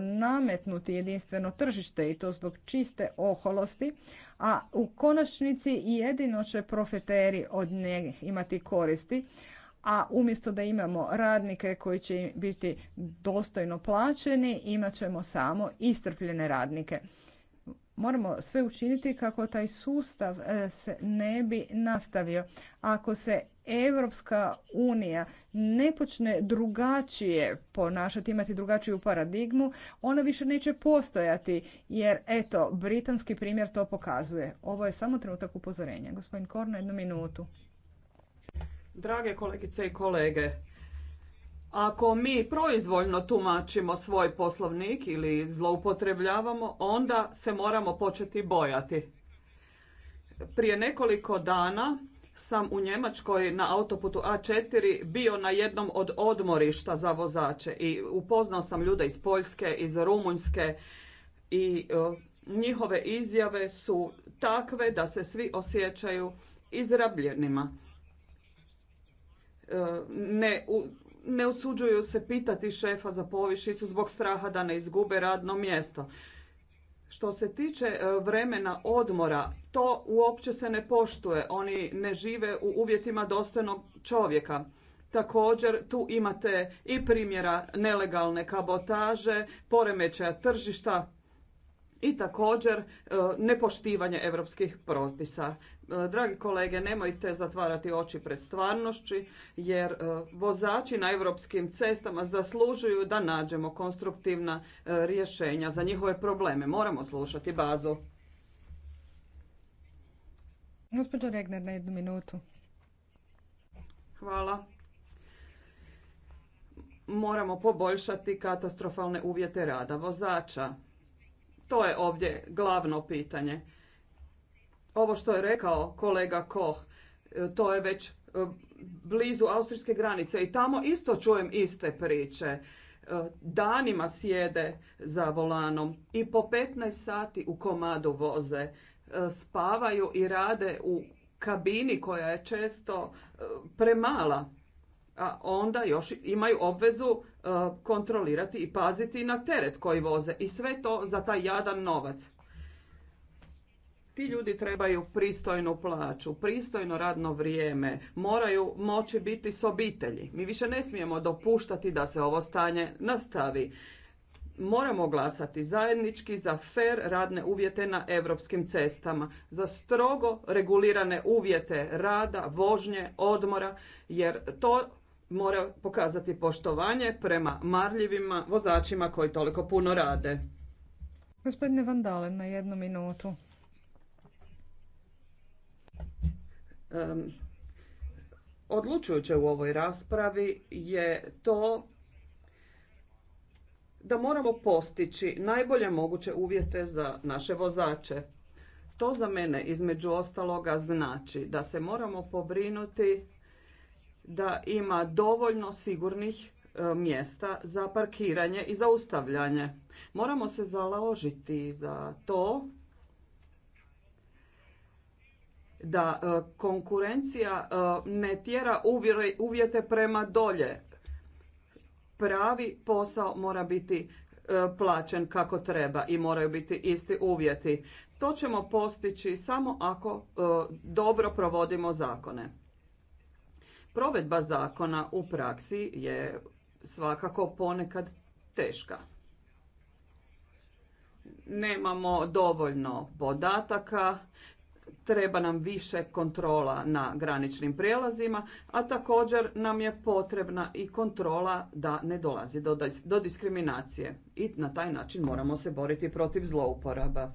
nametnuti jedinstveno tržište i to zbog čiste oholosti, a u konačnici jedino će profeteri od njih imati koristi, a umjesto da imamo radnike koji će biti dostojno plaćeni, imat ćemo samo istrpljene radnike. Moramo sve učiniti kako taj sustav e, se ne bi nastavio. Ako se Europska unija ne počne drugačije ponašati, imati drugačiju paradigmu, ona više neće postojati jer eto, britanski primjer to pokazuje. Ovo je samo trenutak upozorenja. Gospodin Korna, jednu minutu. Drage kolegice i kolege, ako mi proizvoljno tumačimo svoj poslovnik ili zloupotrebljavamo, onda se moramo početi bojati. Prije nekoliko dana sam u Njemačkoj na autoputu A4 bio na jednom od odmorišta za vozače i upoznao sam ljude iz Poljske, iz Rumunjske i e, njihove izjave su takve da se svi osjećaju izrabljenima. E, ne, u, ne usuđuju se pitati šefa za povišicu zbog straha da ne izgube radno mjesto. Što se tiče e, vremena odmora, to uopće se ne poštuje. Oni ne žive u uvjetima dostojnog čovjeka. Također tu imate i primjera nelegalne kabotaže, poremećaja tržišta, i također e, nepoštivanje europskih propisa. E, dragi kolege, nemojte zatvarati oči pred stvarnošću jer e, vozači na europskim cestama zaslužuju da nađemo konstruktivna rješenja za njihove probleme. Moramo slušati bazu. Gospodin Regner, na jednu minutu. Hvala moramo poboljšati katastrofalne uvjete rada vozača. To je ovdje glavno pitanje. Ovo što je rekao kolega Koh, e, to je već e, blizu austrijske granice i tamo isto čujem iste priče. E, danima sjede za volanom i po 15 sati u komadu voze. Spavaju i rade u kabini koja je često premala. A onda još imaju obvezu E, kontrolirati i paziti na teret koji voze i sve to za taj jadan novac. Ti ljudi trebaju pristojnu plaću, pristojno radno vrijeme, moraju moći biti s obitelji. Mi više ne smijemo dopuštati da se ovo stanje nastavi. Moramo glasati zajednički za fer radne uvjete na europskim cestama, za strogo regulirane uvjete rada, vožnje, odmora, jer to mora pokazati poštovanje prema marljivima vozačima koji toliko puno rade. Gospodine vandale na jednu minutu. odlučujuće u ovoj raspravi je to da moramo postići najbolje moguće uvjete za naše vozače. To za mene između ostaloga znači da se moramo pobrinuti da ima dovoljno sigurnih e, mjesta za parkiranje i za ustavljanje. Moramo se založiti za to da e, konkurencija e, ne tjera uvjete prema dolje. Pravi posao mora biti plaćen kako treba i moraju biti isti uvjeti. To ćemo postići samo ako dobro provodimo zakone. Provedba zakona u praksi je svakako ponekad teška. Nemamo dovoljno podataka, treba nam više kontrola na graničnim prijelazima, a također nam je potrebna i kontrola da ne dolazi do diskriminacije. I na taj način moramo se boriti protiv zlouporaba.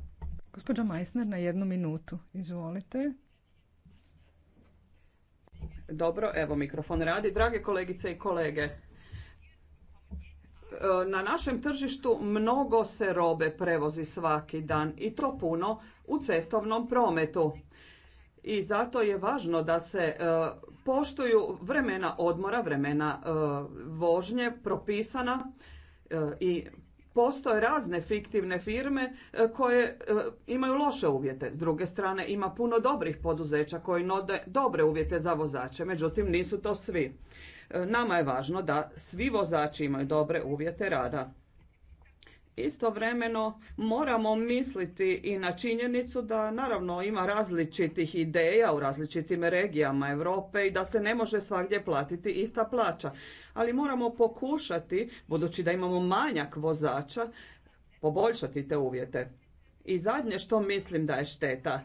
Gospođo Majsner, na jednu minutu. Izvolite. Dobro, evo mikrofon radi. Drage kolegice i kolege, e, na našem tržištu mnogo se robe prevozi svaki dan i to puno u cestovnom prometu. I zato je važno da se e, poštuju vremena odmora, vremena e, vožnje propisana i Postoje razne fiktivne firme e, koje e, imaju loše uvjete. S druge strane ima puno dobrih poduzeća koji nude dobre uvjete za vozače, međutim nisu to svi. E, nama je važno da svi vozači imaju dobre uvjete rada. Istovremeno moramo misliti i na činjenicu da naravno ima različitih ideja u različitim regijama Europe i da se ne može svagdje platiti ista plaća. Ali moramo pokušati, budući da imamo manjak vozača, poboljšati te uvjete. I zadnje što mislim da je šteta,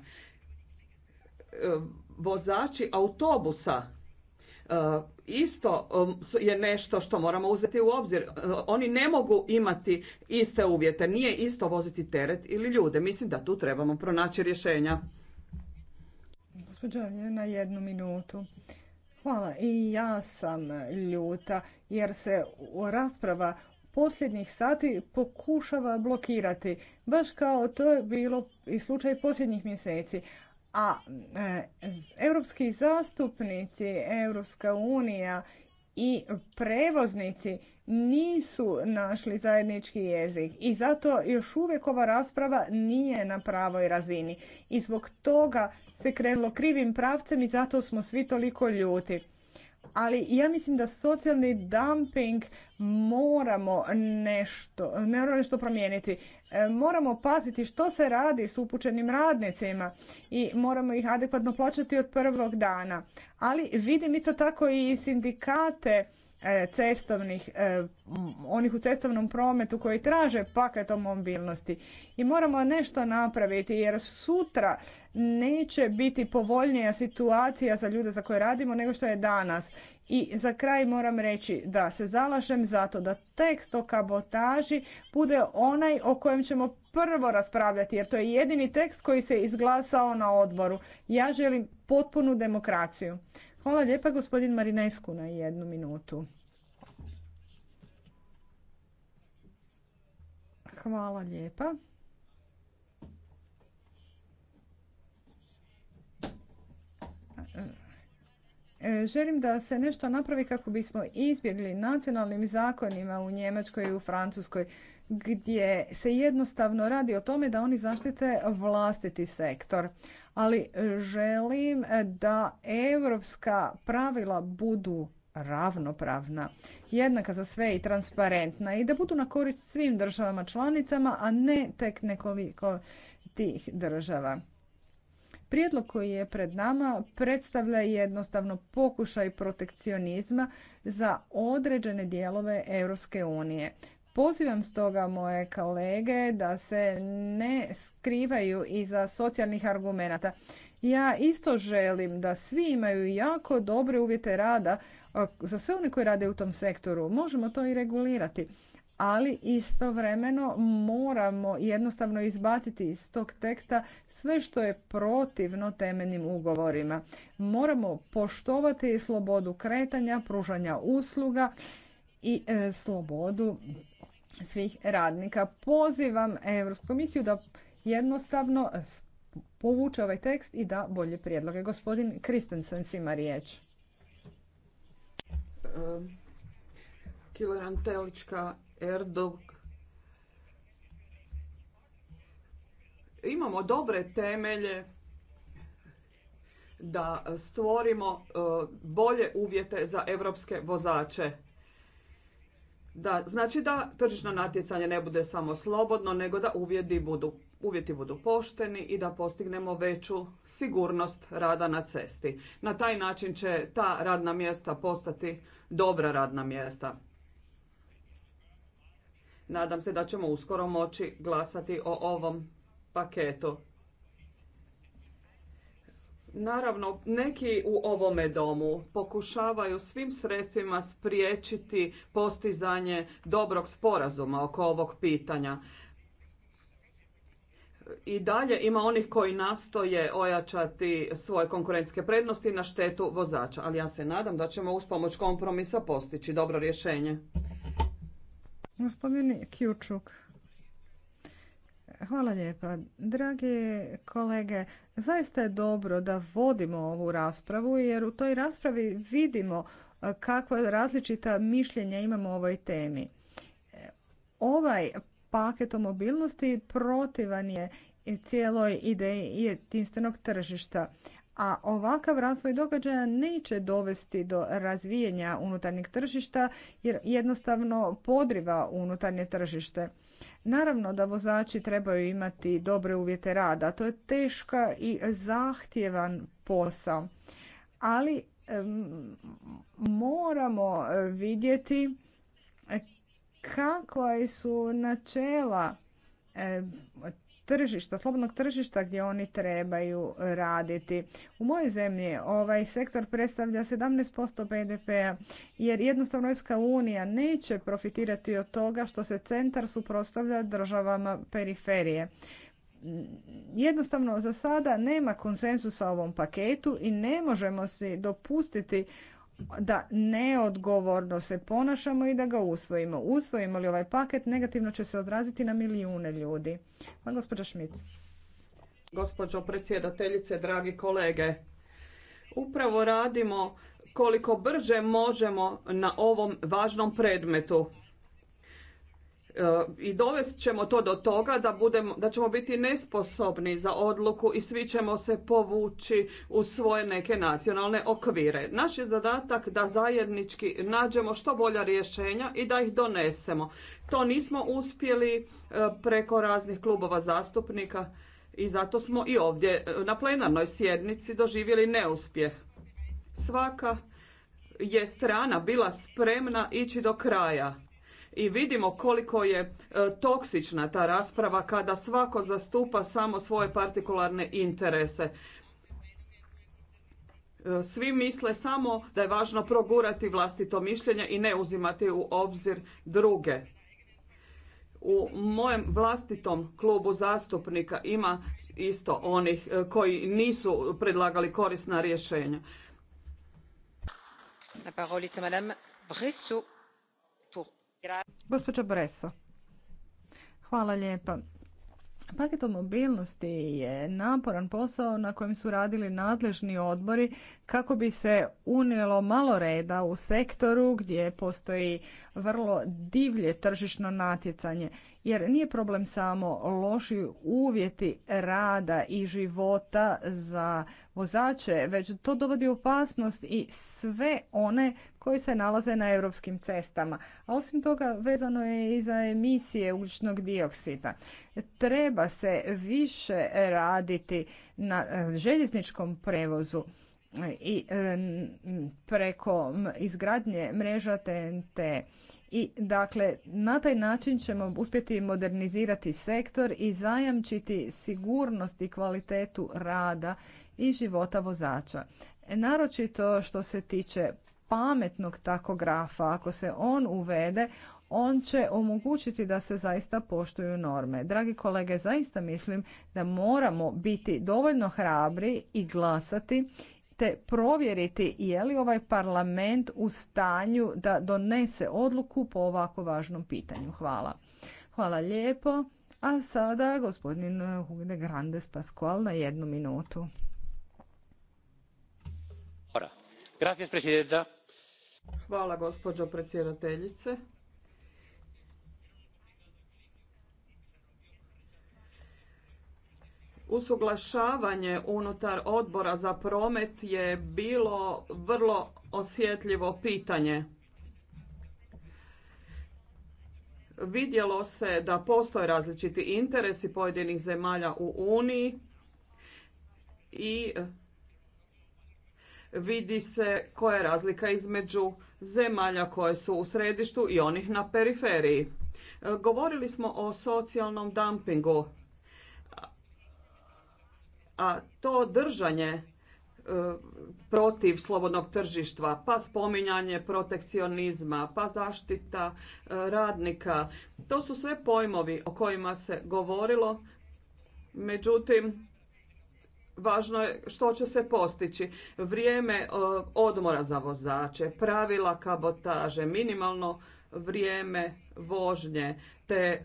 e, vozači autobusa E, isto um, je nešto što moramo uzeti u obzir. E, oni ne mogu imati iste uvjete. Nije isto voziti teret ili ljude. Mislim da tu trebamo pronaći rješenja. Gospođa, na jednu minutu. Hvala. I ja sam ljuta jer se rasprava posljednjih sati pokušava blokirati. Baš kao to je bilo i slučaj posljednjih mjeseci a europski zastupnici Europska unija i prevoznici nisu našli zajednički jezik i zato još uvijek ova rasprava nije na pravoj razini i zbog toga se krenulo krivim pravcem i zato smo svi toliko ljuti ali ja mislim da socijalni dumping moramo nešto, moramo nešto promijeniti. E, moramo paziti što se radi s upućenim radnicima i moramo ih adekvatno plaćati od prvog dana. Ali vidim isto tako i sindikate E, cestovnih, e, onih u cestovnom prometu koji traže paket o mobilnosti. I moramo nešto napraviti jer sutra neće biti povoljnija situacija za ljude za koje radimo nego što je danas. I za kraj moram reći da se zalažem za to da tekst o kabotaži bude onaj o kojem ćemo prvo raspravljati jer to je jedini tekst koji se izglasao na odboru. Ja želim potpunu demokraciju. Hvala lijepa gospodin Marinesku na jednu minutu. Hvala lijepa. E, želim da se nešto napravi kako bismo izbjegli nacionalnim zakonima u Njemačkoj i u Francuskoj gdje se jednostavno radi o tome da oni zaštite vlastiti sektor. Ali e, želim e, da europska pravila budu ravnopravna, jednaka za sve i transparentna i da budu na korist svim državama članicama, a ne tek nekoliko tih država. Prijedlog koji je pred nama predstavlja jednostavno pokušaj protekcionizma za određene dijelove Europske unije. Pozivam stoga moje kolege da se ne skrivaju iza socijalnih argumenata. Ja isto želim da svi imaju jako dobre uvjete rada e, za sve one koji rade u tom sektoru. Možemo to i regulirati, ali istovremeno moramo jednostavno izbaciti iz tog teksta sve što je protivno temeljnim ugovorima. Moramo poštovati slobodu kretanja, pružanja usluga i e, slobodu svih radnika. Pozivam Evropsku komisiju da jednostavno povuče ovaj tekst i da bolje prijedloge. Gospodin Kristensen, ima riječ. Telička, Erdog. Imamo dobre temelje da stvorimo eh, bolje uvjete za evropske vozače da, znači da tržišno natjecanje ne bude samo slobodno, nego da uvjeti budu, uvjeti budu pošteni i da postignemo veću sigurnost rada na cesti. Na taj način će ta radna mjesta postati dobra radna mjesta. Nadam se da ćemo uskoro moći glasati o ovom paketu. Naravno, neki u ovome domu pokušavaju svim sredstvima spriječiti postizanje dobrog sporazuma oko ovog pitanja. I dalje ima onih koji nastoje ojačati svoje konkurentske prednosti na štetu vozača, ali ja se nadam da ćemo uz pomoć kompromisa postići dobro rješenje. Gospodin Kjučuk, Hvala lijepa. Dragi kolege, zaista je dobro da vodimo ovu raspravu jer u toj raspravi vidimo e, kakva različita mišljenja imamo o ovoj temi. E, ovaj paket o mobilnosti protivan je cijeloj ideji jedinstvenog tržišta a ovakav razvoj događaja neće dovesti do razvijenja unutarnjeg tržišta jer jednostavno podriva unutarnje tržište. Naravno da vozači trebaju imati dobre uvjete rada, to je teška i zahtjevan posao. Ali moramo vidjeti kakva su načela tržišta, slobodnog tržišta gdje oni trebaju raditi. U mojoj zemlji ovaj sektor predstavlja 17% BDP-a jer jednostavno EU unija neće profitirati od toga što se centar suprotstavlja državama periferije. Jednostavno za sada nema konsensusa o ovom paketu i ne možemo si dopustiti da neodgovorno se ponašamo i da ga usvojimo. Usvojimo li ovaj paket, negativno će se odraziti na milijune ljudi. Pa gospođa Šmic. Gospođo predsjedateljice, dragi kolege, upravo radimo koliko brže možemo na ovom važnom predmetu. I dovest ćemo to do toga da, budemo, da ćemo biti nesposobni za odluku i svi ćemo se povući u svoje neke nacionalne okvire. Naš je zadatak da zajednički nađemo što bolja rješenja i da ih donesemo. To nismo uspjeli e, preko raznih klubova zastupnika i zato smo i ovdje e, na plenarnoj sjednici doživjeli neuspjeh. Svaka je strana bila spremna ići do kraja i vidimo koliko je e, toksična ta rasprava kada svako zastupa samo svoje partikularne interese. E, svi misle samo da je važno progurati vlastito mišljenje i ne uzimati u obzir druge. U mojem vlastitom klubu zastupnika ima isto onih e, koji nisu predlagali korisna rješenja. La parole madame Gospođa Breso. Hvala lijepa. Paket o mobilnosti je naporan posao na kojem su radili nadležni odbori kako bi se unijelo malo reda u sektoru gdje postoji vrlo divlje tržišno natjecanje jer nije problem samo loši uvjeti rada i života za vozače, već to dovodi opasnost i sve one koji se nalaze na europskim cestama. A osim toga vezano je i za emisije ugljičnog dioksida. Treba se više raditi na eh, željezničkom prevozu i e, preko izgradnje mreža TNT. I dakle, na taj način ćemo uspjeti modernizirati sektor i zajamčiti sigurnost i kvalitetu rada i života vozača. E, naročito što se tiče pametnog takografa, ako se on uvede, on će omogućiti da se zaista poštuju norme. Dragi kolege, zaista mislim da moramo biti dovoljno hrabri i glasati te provjeriti je li ovaj parlament u stanju da donese odluku po ovako važnom pitanju. Hvala. Hvala lijepo. A sada gospodin eh, Hugne Grandes Pascual na jednu minutu. Hvala gospođo predsjedateljice. usuglašavanje unutar odbora za promet je bilo vrlo osjetljivo pitanje. Vidjelo se da postoje različiti interesi pojedinih zemalja u Uniji i vidi se koja je razlika između zemalja koje su u središtu i onih na periferiji. Govorili smo o socijalnom dumpingu a to držanje e, protiv slobodnog tržištva, pa spominjanje protekcionizma, pa zaštita e, radnika. To su sve pojmovi o kojima se govorilo, međutim, Važno je što će se postići. Vrijeme e, odmora za vozače, pravila kabotaže, minimalno vrijeme vožnje, te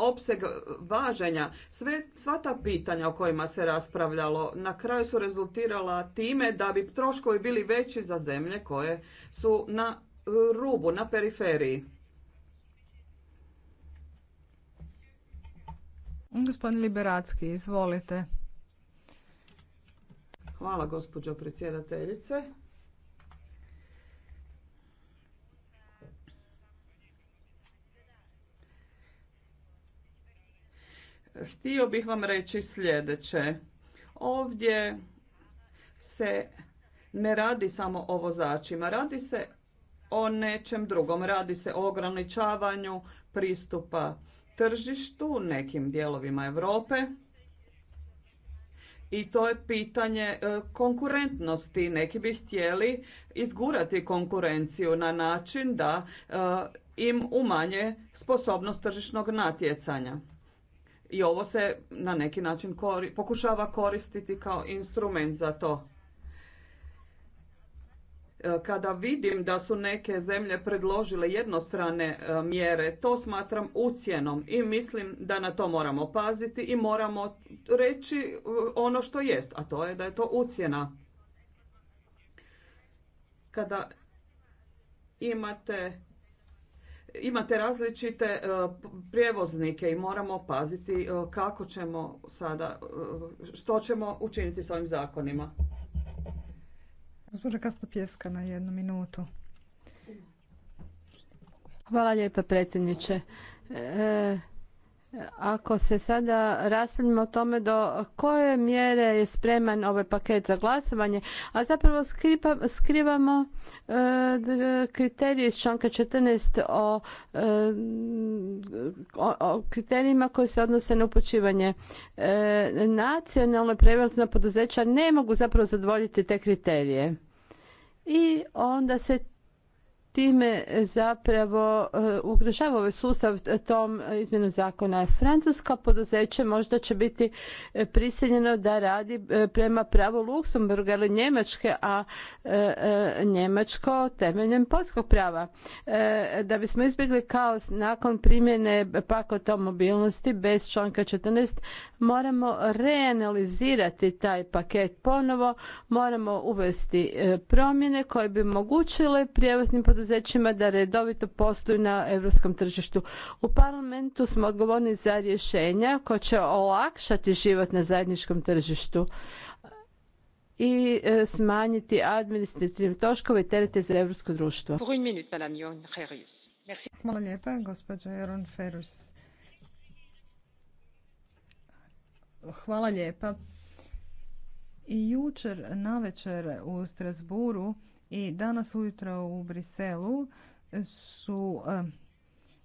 opseg važenja, sve, sva ta pitanja o kojima se raspravljalo na kraju su rezultirala time da bi troškovi bili veći za zemlje koje su na e, rubu, na periferiji. Gospodin Liberacki, izvolite. Hvala gospođo predsjedateljice. htio bih vam reći sljedeće. Ovdje se ne radi samo o vozačima, radi se o nečem drugom. Radi se o ograničavanju pristupa tržištu nekim dijelovima Europe i to je pitanje e, konkurentnosti. Neki bi htjeli izgurati konkurenciju na način da e, im umanje sposobnost tržišnog natjecanja. I ovo se na neki način pokušava koristiti kao instrument za to. E, kada vidim da su neke zemlje predložile jednostrane e, mjere, to smatram ucjenom i mislim da na to moramo paziti i moramo reći e, ono što jest, a to je da je to ucjena. Kada imate imate različite e, prijevoznike i moramo paziti e, kako ćemo sada, e, što ćemo učiniti s ovim zakonima. Gospođa Kastopjeska na jednu minutu. Hvala lijepa predsjedniče. Ako se sada raspravljamo o tome do koje mjere je spreman ovaj paket za glasovanje, a zapravo skrivamo e, kriterije iz članka 14 e, o, kriterijima koji se odnose na upućivanje. E, nacionalna nacionalno poduzeća ne mogu zapravo zadovoljiti te kriterije. I onda se time e, zapravo e, ugrožava ovaj sustav e, tom izmjenom zakona. Francuska poduzeće možda će biti prisiljeno da radi prema pravu Luksemburga ili Njemačke, a Njemačko temeljem polskog prava. Da bismo izbjegli kaos nakon primjene pakota o mobilnosti bez članka 14 moramo reanalizirati taj paket ponovo, moramo uvesti promjene koje bi omogućile prijevoznim poduzećima poduzećima da redovito posluju na europskom tržištu. U parlamentu smo odgovorni za rješenja koja će olakšati život na zajedničkom tržištu i e, smanjiti administrativne troškove i terete za europsko društvo. Hvala lijepa, gospođo Jeron Ferus. Hvala lijepa. I jučer večer u Strasburu i danas ujutro u Briselu su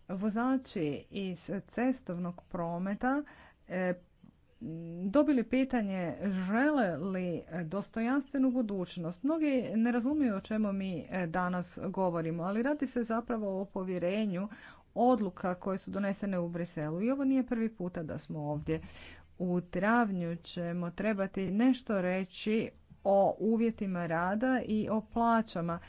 vozači iz cestovnog prometa e, dobili pitanje žele li dostojanstvenu budućnost. Mnogi ne razumiju o čemu mi e, danas govorimo, ali radi se zapravo o povjerenju odluka koje su donesene u Briselu. I ovo nije prvi puta da smo ovdje. U travnju ćemo trebati nešto reći o uvjetima rada i o plaćama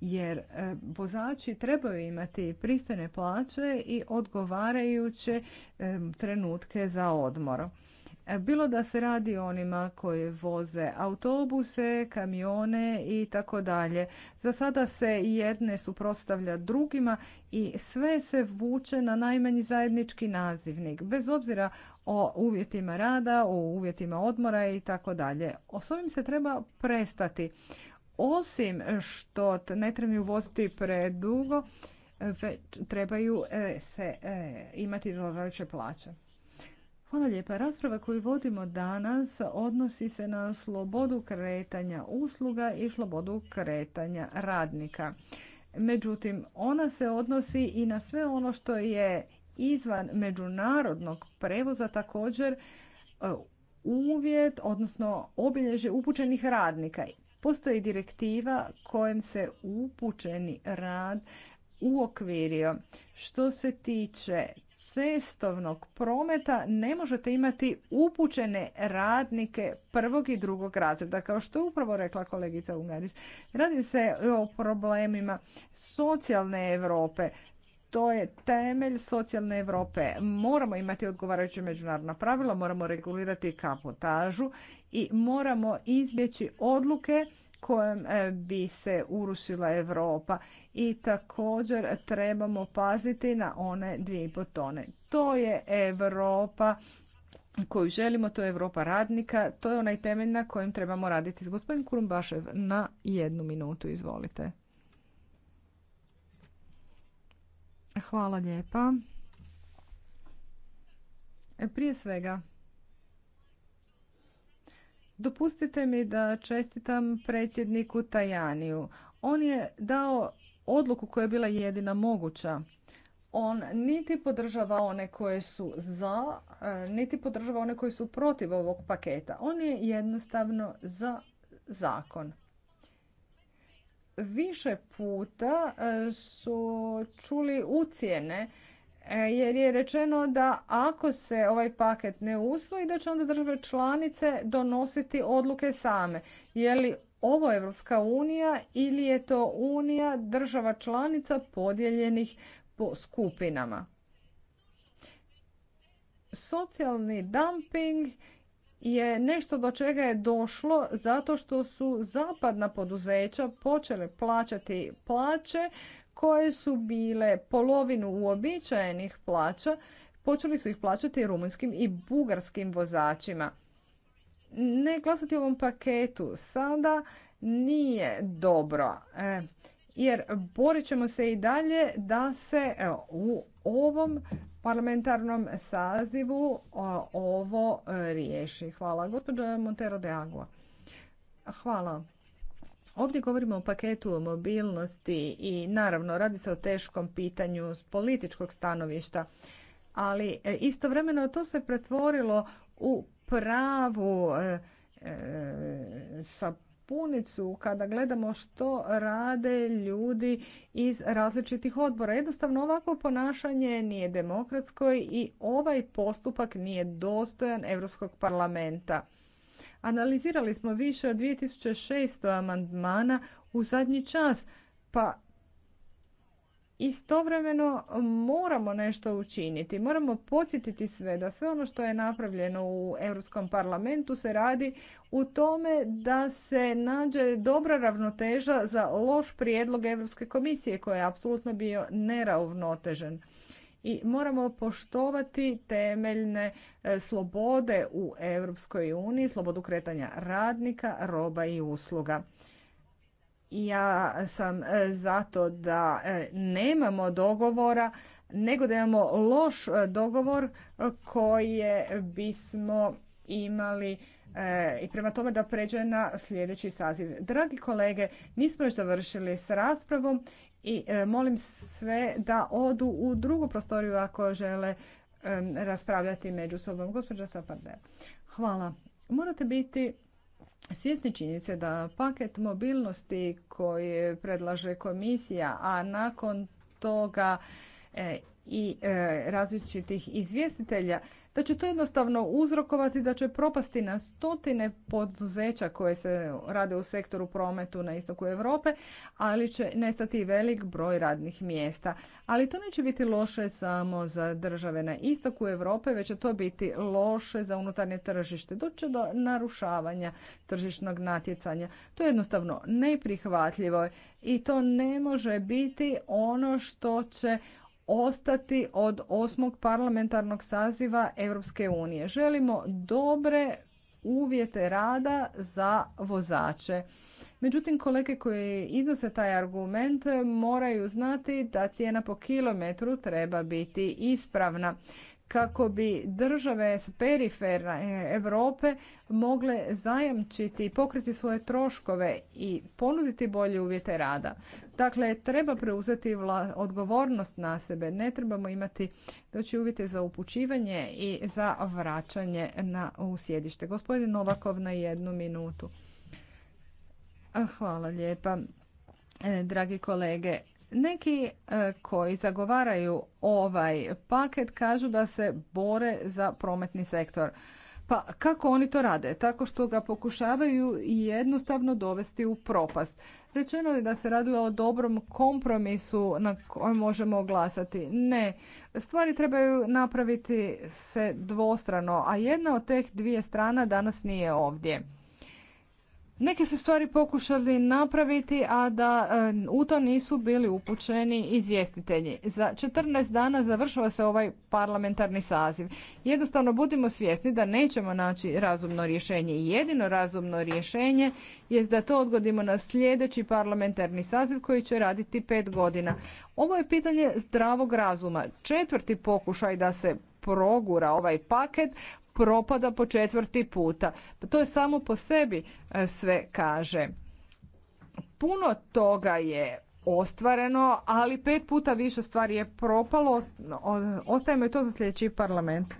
jer e, vozači trebaju imati pristojne plaće i odgovarajuće e, trenutke za odmor. Bilo da se radi o onima koji voze autobuse, kamione i tako dalje. Za sada se jedne suprotstavlja drugima i sve se vuče na najmanji zajednički nazivnik, bez obzira o uvjetima rada, o uvjetima odmora i tako dalje. S ovim se treba prestati. Osim što ne trebaju voziti predugo, trebaju e, se e, imati odgovarajuće plaće. Hvala lijepa. Rasprava koju vodimo danas odnosi se na slobodu kretanja usluga i slobodu kretanja radnika. Međutim, ona se odnosi i na sve ono što je izvan međunarodnog prevoza također e, uvjet, odnosno obilježje upućenih radnika. Postoji direktiva kojem se upućeni rad uokvirio. Što se tiče cestovnog prometa ne možete imati upućene radnike prvog i drugog razreda. Kao što je upravo rekla kolegica Ungarić, radi se o problemima socijalne Europe. To je temelj socijalne Europe. Moramo imati odgovarajuće međunarodna pravila, moramo regulirati kapotažu i moramo izbjeći odluke kojem e, bi se urušila Europa i također trebamo paziti na one dvije po tone. To je Europa koju želimo, to je Europa radnika, to je onaj temelj na kojem trebamo raditi. Gospodin Kurumbašev, na jednu minutu, izvolite. Hvala lijepa. E, prije svega, Dopustite mi da čestitam predsjedniku Tajaniju. On je dao odluku koja je bila jedina moguća. On niti podržava one koje su za, e, niti podržava one koji su protiv ovog paketa. On je jednostavno za zakon. Više puta e, su čuli ucijene E, jer je rečeno da ako se ovaj paket ne usvoji da će onda države članice donositi odluke same. Je li ovo Evropska unija ili je to unija država članica podijeljenih po skupinama? Socijalni dumping je nešto do čega je došlo zato što su zapadna poduzeća počele plaćati plaće koje su bile polovinu uobičajenih plaća, počeli su ih plaćati rumunskim i bugarskim vozačima. Ne glasati o ovom paketu sada nije dobro, e, jer borit ćemo se i dalje da se e, u ovom parlamentarnom sazivu e, ovo riješi. Hvala. gospođo Montero de Agua. Hvala. Ovdje govorimo o paketu o mobilnosti i naravno radi se o teškom pitanju s političkog stanovišta, ali e, istovremeno to se pretvorilo u pravu e, e sa punicu kada gledamo što rade ljudi iz različitih odbora. Jednostavno ovako ponašanje nije demokratsko i ovaj postupak nije dostojan Europskog parlamenta. Analizirali smo više od 2600 amandmana u zadnji čas, pa istovremeno moramo nešto učiniti. Moramo podsjetiti sve da sve ono što je napravljeno u Europskom parlamentu se radi u tome da se nađe dobra ravnoteža za loš prijedlog Europske komisije koji je apsolutno bio neravnotežen i moramo poštovati temeljne e, slobode u Europskoj uniji, slobodu kretanja radnika, roba i usluga. Ja sam e, zato da e, nemamo dogovora, nego da imamo loš dogovor koje bismo imali i prema tome da pređe na sljedeći saziv. Dragi kolege, nismo još završili s raspravom i e, molim sve da odu u drugu prostoriju ako žele e, raspravljati među sobom. Gospođa hvala. Morate biti svjesni činjenice da paket mobilnosti koji predlaže komisija, a nakon toga e, i različitih izvjestitelja da će to jednostavno uzrokovati da će propasti na stotine poduzeća koje se rade u sektoru prometu na istoku Europe, ali će nestati velik broj radnih mjesta. Ali to neće biti loše samo za države na istoku Europe, već će to biti loše za unutarnje tržište. Doće do narušavanja tržišnog natjecanja. To je jednostavno neprihvatljivo i to ne može biti ono što će ostati od osmog parlamentarnog saziva Europske unije. Želimo dobre uvjete rada za vozače. Međutim, kolege koji iznose taj argument moraju znati da cijena po kilometru treba biti ispravna kako bi države s periferne Europe mogle zajamčiti i pokriti svoje troškove i ponuditi bolje uvjete rada. Dakle, treba preuzeti odgovornost na sebe. Ne trebamo imati doći uvjete za upućivanje i za vraćanje na, u sjedište. Gospodin Novakov na jednu minutu. Hvala lijepa. E, dragi kolege, neki e, koji zagovaraju ovaj paket kažu da se bore za prometni sektor. Pa kako oni to rade? Tako što ga pokušavaju jednostavno dovesti u propast. Rečeno je da se radi o dobrom kompromisu na kojem možemo glasati. Ne, stvari trebaju napraviti se dvostrano, a jedna od teh dvije strana danas nije ovdje. Neke se stvari pokušali napraviti, a da e, u to nisu bili upućeni izvjestitelji. Za 14 dana završava se ovaj parlamentarni saziv. Jednostavno budimo svjesni da nećemo naći razumno rješenje. Jedino razumno rješenje je da to odgodimo na sljedeći parlamentarni saziv koji će raditi pet godina. Ovo je pitanje zdravog razuma. Četvrti pokušaj da se progura ovaj paket propada po četvrti puta. To je samo po sebi e, sve kaže. Puno toga je ostvareno, ali pet puta više stvari je propalo. Ostajemo i to za sljedeći parlament.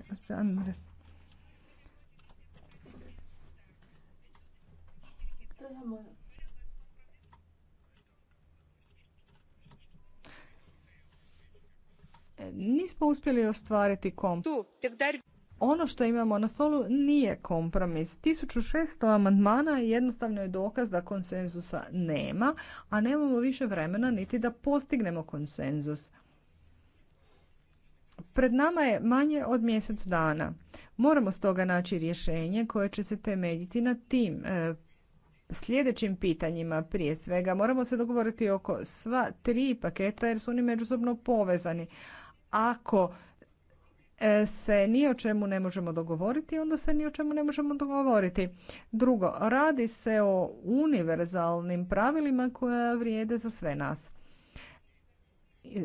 Nismo uspjeli ostvariti kom ono što imamo na stolu nije kompromis. 1600 amandmana jednostavno je dokaz da konsenzusa nema, a nemamo više vremena niti da postignemo konsenzus. Pred nama je manje od mjesec dana. Moramo stoga naći rješenje koje će se temeljiti na tim e, sljedećim pitanjima prije svega. Moramo se dogovoriti oko sva tri paketa jer su oni međusobno povezani. Ako E, se ni o čemu ne možemo dogovoriti, onda se ni o čemu ne možemo dogovoriti. Drugo, radi se o univerzalnim pravilima koja vrijede za sve nas.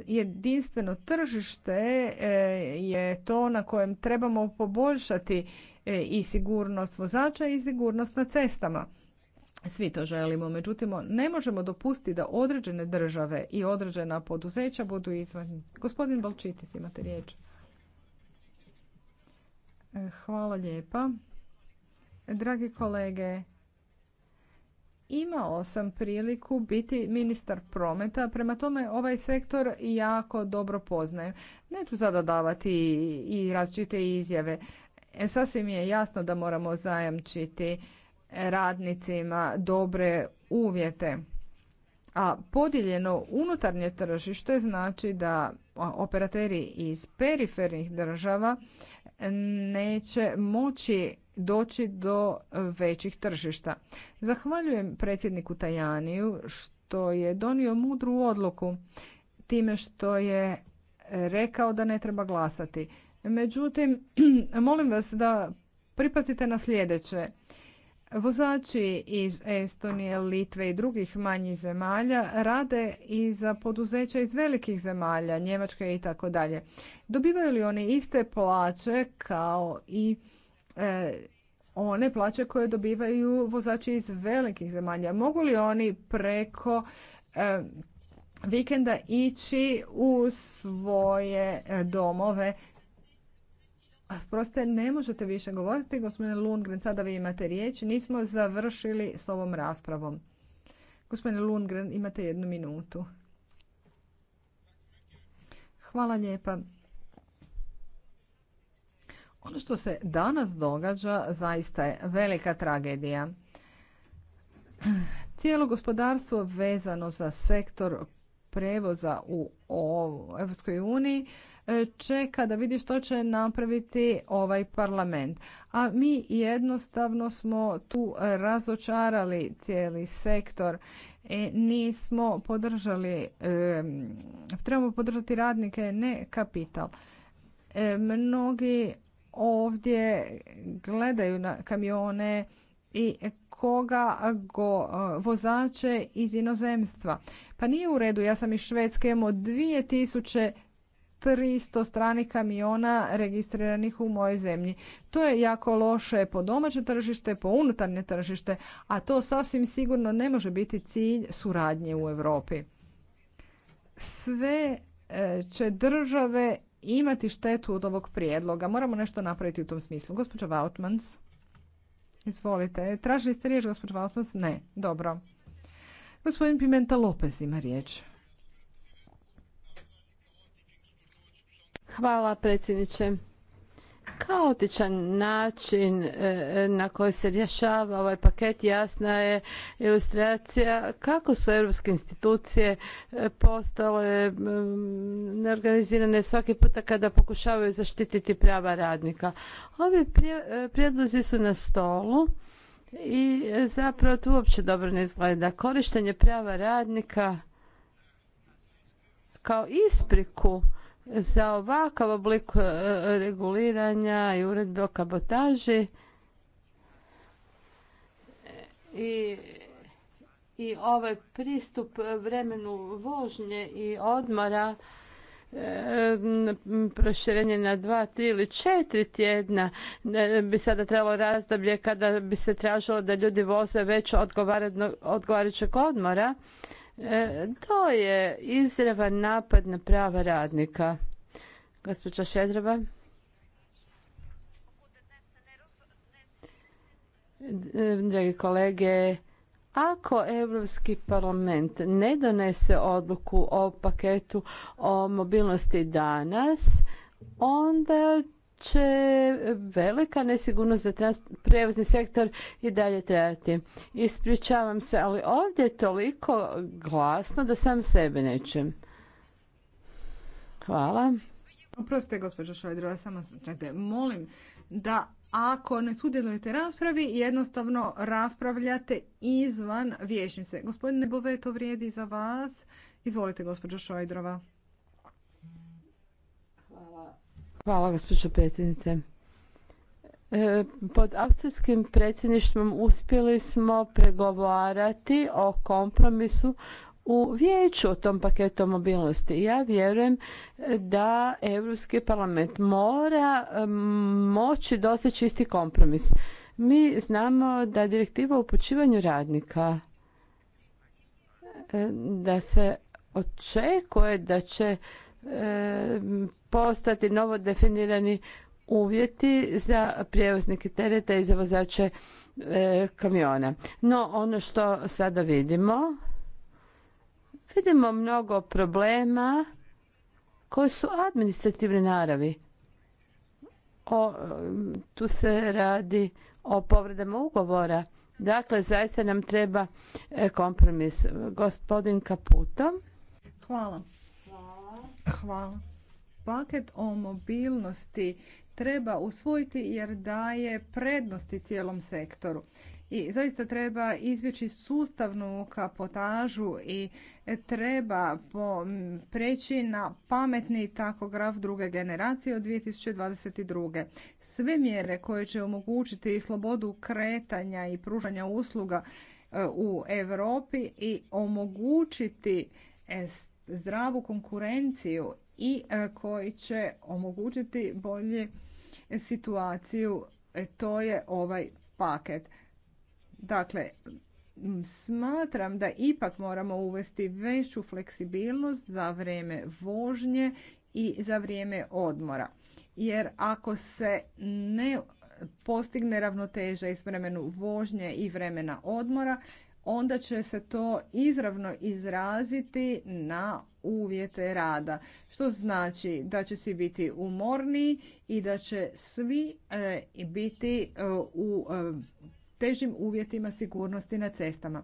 Jedinstveno tržište e, je to na kojem trebamo poboljšati e, i sigurnost vozača i sigurnost na cestama. Svi to želimo, međutim ne možemo dopustiti da određene države i određena poduzeća budu izvan. Gospodin Balčitis, imate riječ. Hvala lijepa. Dragi kolege, imao sam priliku biti ministar prometa, prema tome ovaj sektor jako dobro poznajem. Neću sada davati i različite izjave. E, sasvim je jasno da moramo zajamčiti radnicima dobre uvjete. A podijeljeno unutarnje tržište znači da operateri iz perifernih država neće moći doći do većih tržišta. Zahvaljujem predsjedniku Tajaniju što je donio mudru odluku time što je rekao da ne treba glasati. Međutim, molim vas da pripazite na sljedeće. Vozači iz Estonije, Litve i drugih manjih zemalja rade i za poduzeća iz velikih zemalja, Njemačke i tako dalje. Dobivaju li oni iste plaće kao i e, one plaće koje dobivaju vozači iz velikih zemalja? Mogu li oni preko e, vikenda ići u svoje e, domove Proste, ne možete više govoriti, gospodine Lundgren, sada vi imate riječ. Nismo završili s ovom raspravom. Gospodine Lundgren, imate jednu minutu. Hvala lijepa. Ono što se danas događa zaista je velika tragedija. Cijelo gospodarstvo vezano za sektor prevoza u Europskoj uniji e, čeka da vidi što će napraviti ovaj parlament. A mi jednostavno smo tu razočarali cijeli sektor. E, nismo podržali, e, trebamo podržati radnike, ne kapital. E, mnogi ovdje gledaju na kamione i koga go, e, vozače iz inozemstva. Pa nije u redu, ja sam iz Švedske, imamo 2300 stranih kamiona registriranih u mojoj zemlji. To je jako loše po domaće tržište, po unutarnje tržište, a to sasvim sigurno ne može biti cilj suradnje u Europi. Sve e, će države imati štetu od ovog prijedloga. Moramo nešto napraviti u tom smislu. Gospođa Vautmans. Izvolite. Tražili ste riječ, gospođo Valtmans? Ne. Dobro. Gospodin Pimenta Lopez ima riječ. Hvala predsjedniče kaotičan način e, na koji se rješava ovaj paket jasna je ilustracija kako su europske institucije e, postale mm, neorganizirane svaki puta kada pokušavaju zaštititi prava radnika. Ovi e, prijedlozi su na stolu i zapravo to uopće dobro ne izgleda. Korištenje prava radnika kao ispriku za ovakav oblik e, reguliranja i uredbe o kabotaži i i ovaj pristup vremenu vožnje i odmora e, proširenje na dva, tri ili četiri tjedna bi sada trebalo razdoblje kada bi se tražilo da ljudi voze već odgovarajućeg odmora E, to je izravan napad na prava radnika. Gospođa Šedrova. E, dragi kolege, ako Europski parlament ne donese odluku o paketu o mobilnosti danas, onda će velika nesigurnost za prevozni sektor i dalje trajati. Ispričavam se, ali ovdje je toliko glasno da sam sebe nećem. Hvala. Oprostite, gospođo Šajdrova, samo čekajte. Molim da ako ne sudjelujete raspravi, jednostavno raspravljate izvan vijećnice. Gospodine Bove, to vrijedi za vas. Izvolite, gospođo Šojdrova. Hvala, gospođo predsjednice. E, pod austrijskim predsjedništvom uspjeli smo pregovarati o kompromisu u vijeću o tom paketu mobilnosti. Ja vjerujem da Europski parlament mora moći doseći isti kompromis. Mi znamo da direktiva o upućivanju radnika e, da se očekuje da će postati novo definirani uvjeti za prijevoznike tereta i za vozače e, kamiona. No, ono što sada vidimo, vidimo mnogo problema koji su administrativne naravi. O, tu se radi o povredama ugovora. Dakle, zaista nam treba e, kompromis. Gospodin Kaputo. Hvala. Hvala. Paket o mobilnosti treba usvojiti jer daje prednosti cijelom sektoru. I zaista treba izbjeći sustavnu kapotažu i treba preći na pametni takograf druge generacije od 2022. Sve mjere koje će omogućiti slobodu kretanja i pružanja usluga e, u Europi i omogućiti e, zdravu konkurenciju i e, koji će omogućiti bolje situaciju. E, to je ovaj paket. Dakle, smatram da ipak moramo uvesti veću fleksibilnost za vrijeme vožnje i za vrijeme odmora. Jer ako se ne postigne ravnoteža iz vremenu vožnje i vremena odmora, onda će se to izravno izraziti na uvjete rada. Što znači da će svi biti umorniji i da će svi e, biti e, u e, težim uvjetima sigurnosti na cestama.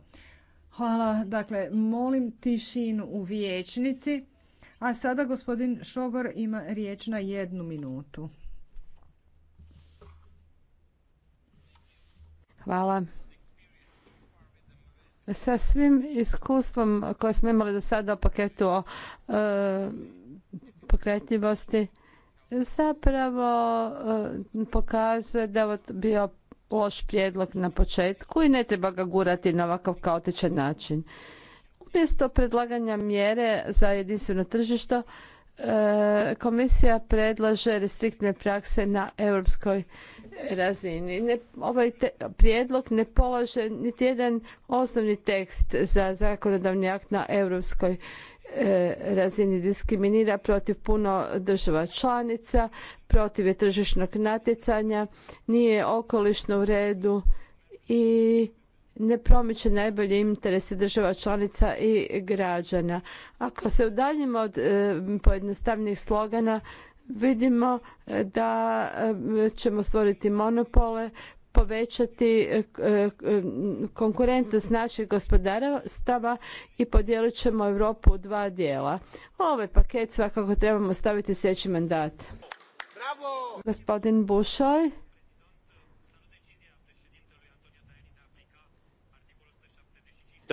Hvala. Dakle, molim tišinu u vijećnici. A sada gospodin Šogor ima riječ na jednu minutu. Hvala. Sa svim iskustvom koje smo imali do sada u paketu o e, pokretljivosti, zapravo e, pokazuje da je bio loš prijedlog na početku i ne treba ga gurati na ovakav kaotičan način. Umjesto predlaganja mjere za jedinstveno tržište, E, komisija predlaže restriktne prakse na europskoj razini. ovaj prijedlog ne polaže niti jedan osnovni tekst za zakonodavni akt na europskoj e, razini. Diskriminira protiv puno država članica, protiv je tržišnog natjecanja, nije okolišno u redu i ne promiče najbolje interese država članica i građana. Ako se udaljimo od e, pojednostavnih slogana, vidimo e, da e, ćemo stvoriti monopole, povećati konkurentnost naših gospodarstava i podijelit ćemo Europu u dva dijela. Ovaj paket svakako trebamo staviti sljedeći mandat. Gospodin Bušoj.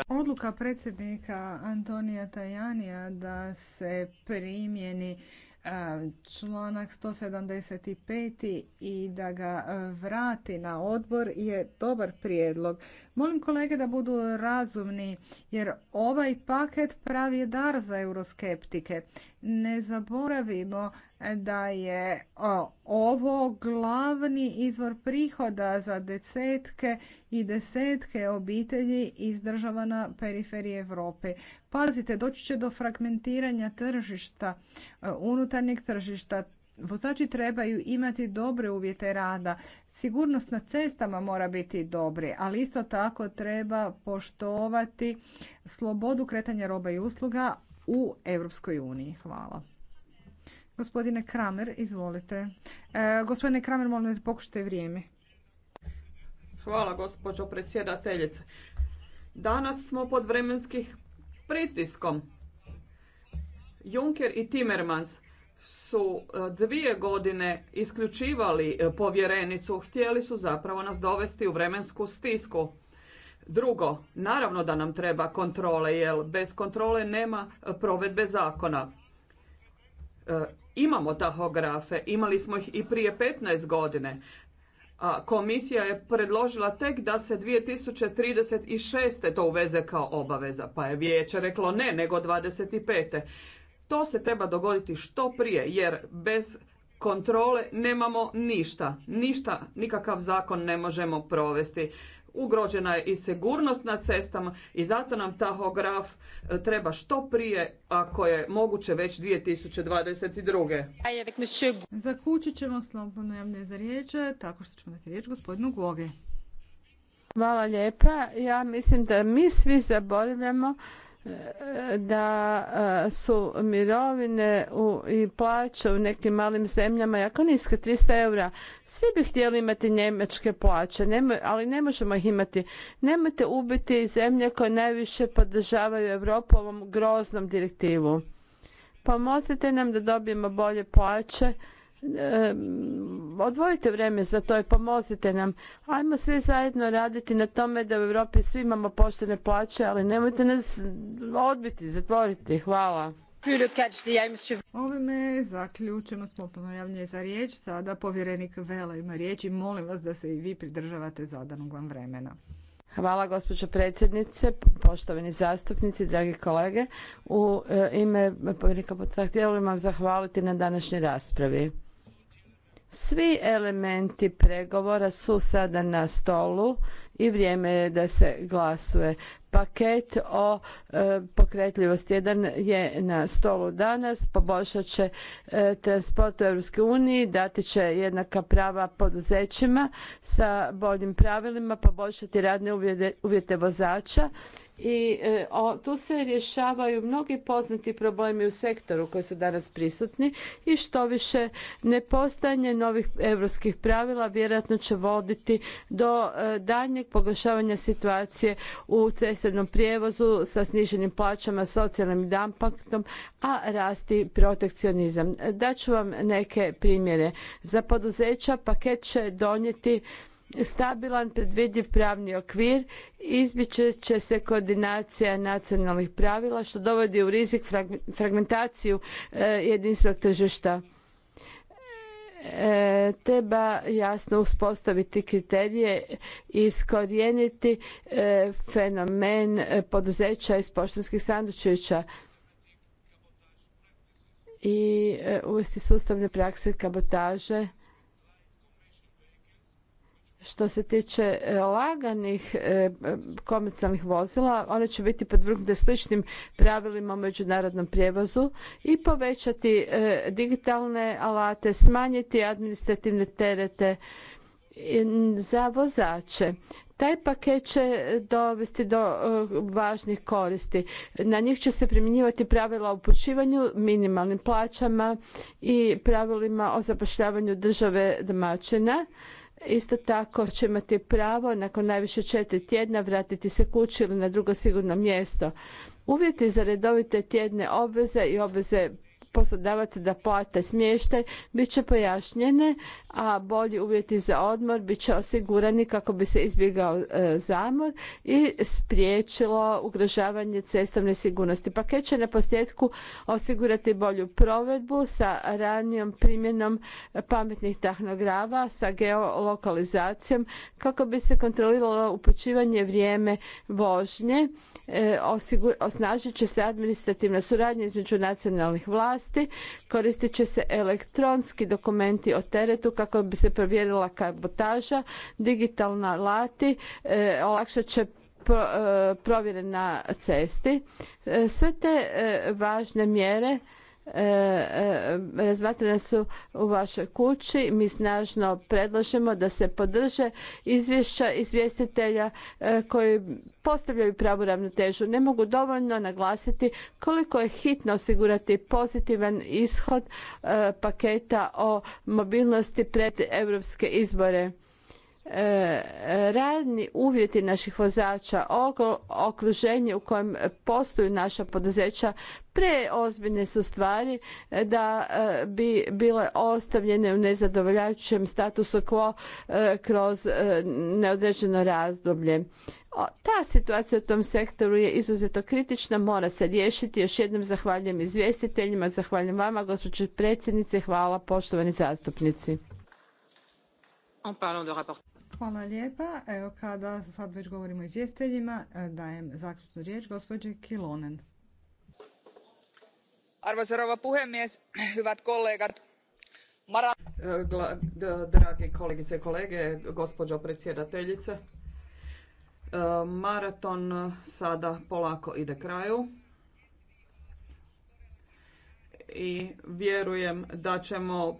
Odluka predsjednika Antonija Tajanija da se primjeni članak 175. i da ga vrati na odbor je dobar prijedlog. Molim kolege da budu razumni jer ovaj paket pravi je dar za euroskeptike. Ne zaboravimo da je ovo glavni izvor prihoda za desetke i desetke obitelji iz država na periferiji Europe. Pazite, doći će do fragmentiranja tržišta, e, unutarnjeg tržišta. Vozači trebaju imati dobre uvjete rada. Sigurnost na cestama mora biti dobri, ali isto tako treba poštovati slobodu kretanja roba i usluga u Europskoj uniji. Hvala. Gospodine Kramer, izvolite. E, gospodine Kramer, molim vas pokušajte vrijeme. Hvala, gospođo predsjedateljice. Danas smo pod vremenskih pritiskom. Juncker i Timmermans su e, dvije godine isključivali e, povjerenicu, htjeli su zapravo nas dovesti u vremensku stisku. Drugo, naravno da nam treba kontrole, jer bez kontrole nema e, provedbe zakona. Imamo tahografe, imali smo ih i prije 15 godine. A komisija je predložila tek da se 2036. to uveze kao obaveza, pa je vijeće reklo ne, nego 25. To se treba dogoditi što prije jer bez kontrole nemamo ništa. Ništa, nikakav zakon ne možemo provesti. Ugrožena je i sigurnost na cestama i zato nam tahograf e, treba što prije, ako je moguće već 2022. kući ćemo slobodno javne za riječ, e, tako što ćemo dati riječ gospodinu Goge. Hvala lijepa. Ja mislim da mi svi zaboravljamo da e, su mirovine i plaće u nekim malim zemljama jako niske, 300 eura. Svi bi htjeli imati njemačke plaće, ali ne možemo ih imati. Nemojte ubiti zemlje koje najviše podržavaju Europu ovom groznom direktivu. Pomozite nam da dobijemo bolje plaće odvojite vreme za to i pomozite nam. Ajmo svi zajedno raditi na tome da u Europi svi imamo poštene plaće, ali nemojte nas odbiti, zatvoriti. Hvala. Ovime zaključeno smo ponajavljanje za riječ. Sada povjerenik Vela ima riječ i molim vas da se i vi pridržavate zadanog vam vremena. Hvala gospođo predsjednice, poštovani zastupnici, dragi kolege. U e, ime povjerenika Pocah htjela vam zahvaliti na današnjoj raspravi. Svi elementi pregovora su sada na stolu i vrijeme je da se glasuje. Paket o e, pokretljivosti jedan je na stolu danas, poboljšat će e, transport u EU, dati će jednaka prava poduzećima sa boljim pravilima, poboljšati radne uvjete vozača i e, tu se rješavaju mnogi poznati problemi u sektoru koji su danas prisutni i što više nepostajanje novih europskih pravila vjerojatno će voditi do e, daljnjeg pogoršavanja situacije u cestovnom prijevozu sa sniženim plaćama, socijalnim dampaktom, a rasti protekcionizam. E, Daću vam neke primjere. Za poduzeća paket će donijeti stabilan predvidiv pravni okvir izbiće će se koordinacija nacionalnih pravila što dovodi u rizik fragmentaciju e, jedinstvenog tržišta e, treba jasno uspostaviti kriterije i iskorijeniti e, fenomen poduzeća iz poštanskih sandučića i uvesti sustavne prakse kabotaže što se tiče e, laganih e, komercijalnih vozila, one će biti podvrgnute sličnim pravilima u međunarodnom prijevozu i povećati e, digitalne alate, smanjiti administrativne terete za vozače. Taj paket će dovesti do važnih koristi. Na njih će se primjenjivati pravila o upućivanju, minimalnim plaćama i pravilima o zapošljavanju države domaćina Isto tako će imati pravo nakon najviše četiri tjedna vratiti se kući ili na drugo sigurno mjesto. Uvjeti za redovite tjedne obveze i obveze poslodavaca da plate smještaj bit će pojašnjene, a bolji uvjeti za odmor bit će osigurani kako bi se izbjegao e, zamor i spriječilo ugrožavanje cestovne sigurnosti. Paket će na posljedku osigurati bolju provedbu sa ranijom primjenom pametnih tahnograva, sa geolokalizacijom kako bi se kontroliralo upućivanje vrijeme vožnje. E, osnažit će se administrativna suradnja između nacionalnih vlasti vlasti. Koristit će se elektronski dokumenti o teretu kako bi se provjerila kabotaža, digitalna lati, e, olakšat će e, provjere na cesti. E, sve te važne mjere E, e, razmatrane su u vašoj kući. Mi snažno predlažemo da se podrže izvješća izvjestitelja e, koji postavljaju pravu ravnotežu. Ne mogu dovoljno naglasiti koliko je hitno osigurati pozitivan ishod paketa o mobilnosti pred europske izbore. E, radni uvjeti naših vozača, okruženje u kojem postoju naša poduzeća, preozbiljne su stvari e, da e, bi bile ostavljene u nezadovoljavajućem statusu quo kroz neodređeno razdoblje. Ta situacija u tom sektoru je izuzetno kritična, mora se riješiti. Još jednom zahvaljujem izvjestiteljima, zahvaljujem vama, gospođo predsjednice, hvala poštovani zastupnici. Hvala lijepa. Evo kada sad već govorimo o izvjestiteljima, e, dajem zaključnu riječ gospođi Kilonen. Arvoisa puhemies, hyvät kollegat. E, drage kolegice i kolege, gospođo predsjedateljice, e, maraton sada polako ide kraju i vjerujem da ćemo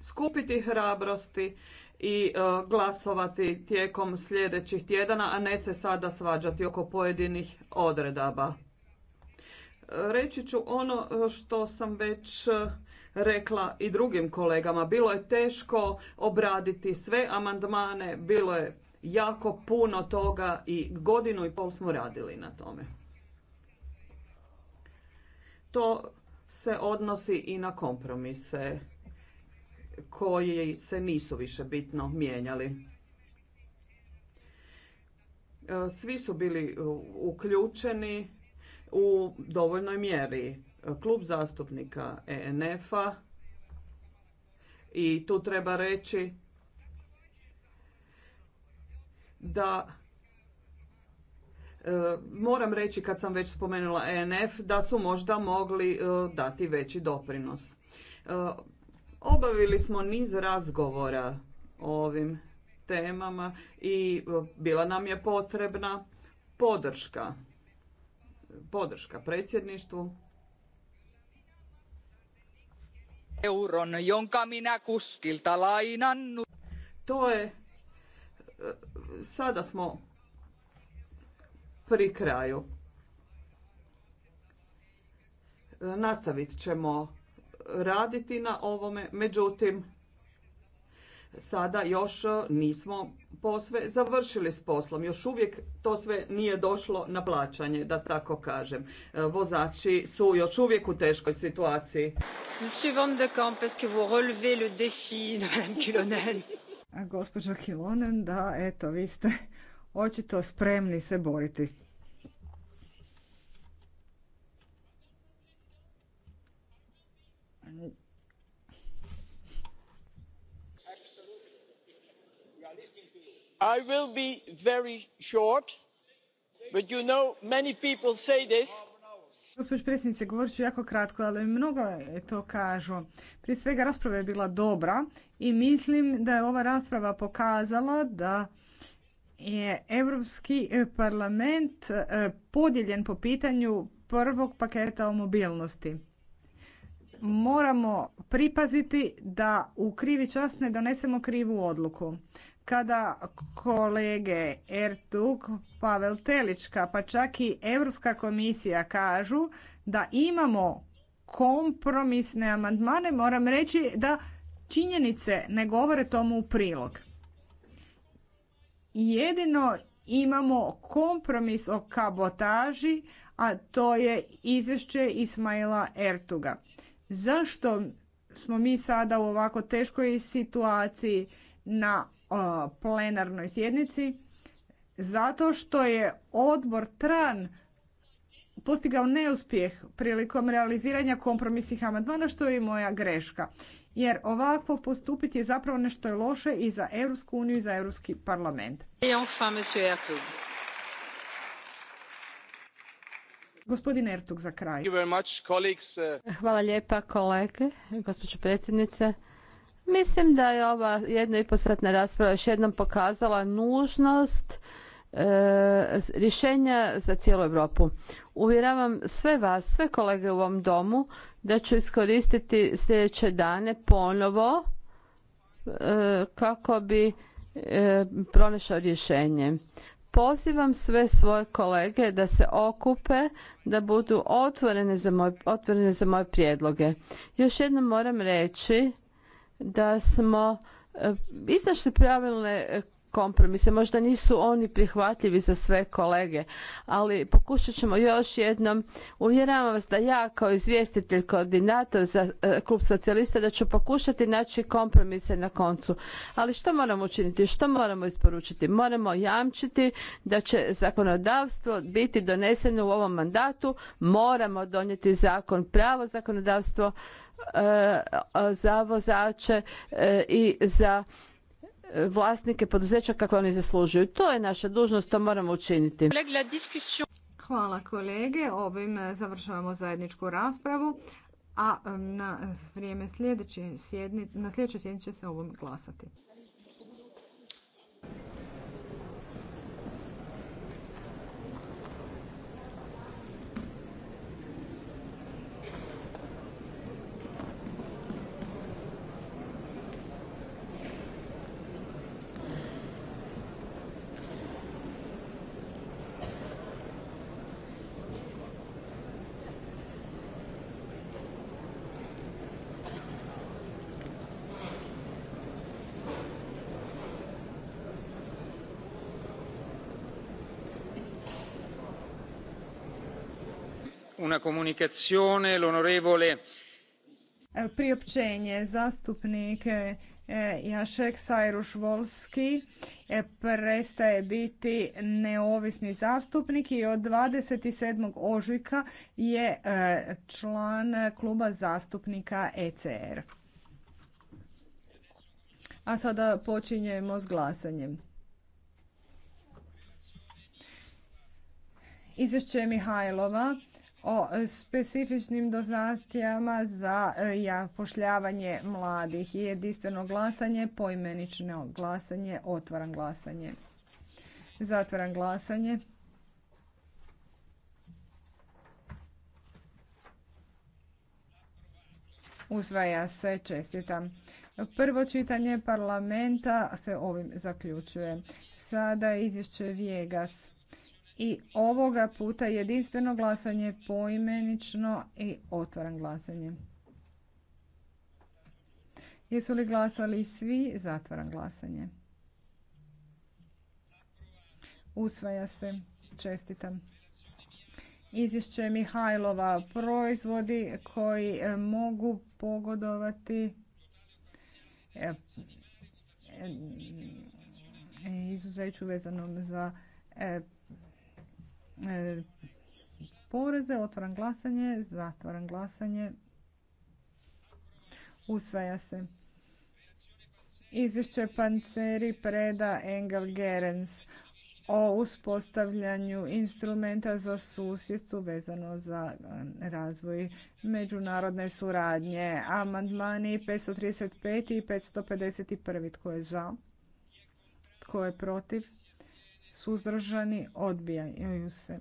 skupiti hrabrosti i e, glasovati tijekom sljedećih tjedana, a ne se sada svađati oko pojedinih odredaba. E, reći ću ono e, što sam već rekla i drugim kolegama. Bilo je teško obraditi sve amandmane, bilo je jako puno toga i godinu i pol smo radili na tome. To se odnosi i na kompromise koji se nisu više bitno mijenjali. E, svi su bili uključeni u dovoljnoj mjeri. Klub zastupnika ENF-a i tu treba reći da e, moram reći kad sam već spomenula ENF da su možda mogli e, dati veći doprinos. Obavili smo niz razgovora o ovim temama i e, bila nam je potrebna podrška. Podrška predsjedništvu. To je, e, sada smo pri kraju. E, nastavit ćemo raditi na ovome, međutim, sada još nismo posve završili s poslom. Još uvijek to sve nije došlo na plaćanje, da tako kažem. E, vozači su još uvijek u teškoj situaciji. Monsieur Gospođo Kilonen, da, eto, vi ste očito spremni se boriti. i will be very short but you know many people say this Gospođo predsjednice, govorit ću jako kratko, ali mnogo je to kažu. Prije svega rasprava je bila dobra i mislim da je ova rasprava pokazala da je Europski e, parlament e, podijeljen po pitanju prvog paketa o mobilnosti. Moramo pripaziti da u krivi čas ne donesemo krivu odluku kada kolege Ertug, Pavel Telička, pa čak i Europska komisija kažu da imamo kompromisne amandmane, moram reći da činjenice ne govore tomu u prilog. Jedino imamo kompromis o kabotaži, a to je izvješće Ismaila Ertuga. Zašto smo mi sada u ovako teškoj situaciji na plenarnoj sjednici zato što je odbor TRAN postigao neuspjeh prilikom realiziranja kompromisnih amandmana što je i moja greška. Jer ovako postupiti je zapravo nešto je loše i za Europsku uniju i za Europski parlament. Gospodin Ertug za kraj. Hvala lijepa kolege, gospođo predsjednice. Mislim da je ova jedna i posatna rasprava još jednom pokazala nužnost e, rješenja za cijelu Europu. Uvjeravam sve vas, sve kolege u ovom domu da ću iskoristiti sljedeće dane ponovo e, kako bi e, pronašao rješenje. Pozivam sve svoje kolege da se okupe, da budu otvorene za moje prijedloge. Još jednom moram reći da smo e, iznašli pravilne e, kompromise. Možda nisu oni prihvatljivi za sve kolege, ali pokušat ćemo još jednom. Uvjeravam vas da ja kao izvjestitelj, koordinator za e, klub socijalista, da ću pokušati naći kompromise na koncu. Ali što moramo učiniti? Što moramo isporučiti? Moramo jamčiti da će zakonodavstvo biti doneseno u ovom mandatu. Moramo donijeti zakon, pravo zakonodavstvo E, za vozače e, i za e, vlasnike poduzeća kako oni zaslužuju. To je naša dužnost, to moramo učiniti. Hvala kolege, ovim završavamo zajedničku raspravu, a na vrijeme sljedeće sjednice, na sljedećoj sjednici će se ovom glasati. una comunicazione e, priopćenje zastupnike Jašek Sajruš Volski e, prestaje biti neovisni zastupnik i od 27. ožujka je e, član kluba zastupnika ECR. A sada počinjemo s glasanjem. Izvješće Mihajlova o specifičnim doznatijama za e, pošljavanje mladih i jedinstveno glasanje, poimenično glasanje, otvaram glasanje. Zatvaram glasanje. Usvaja se, čestitam. Prvo čitanje parlamenta se ovim zaključuje. Sada izvješće Vijegas i ovoga puta jedinstveno glasanje poimenično i otvaram glasanje. Jesu li glasali svi? Zatvaram glasanje. Usvaja se. Čestitam. Izvješće Mihajlova proizvodi koji e, mogu pogodovati e, e, izuzeću vezanom za E, poreze. Otvoran glasanje, zatvoran glasanje. Usvaja se. Izvješće Panceri preda Engel Gerens o uspostavljanju instrumenta za susjedstvo vezano za um, razvoj međunarodne suradnje. Amandmani 535 i 551. Tko je za? Tko je protiv? suzdržani, odbijaju se.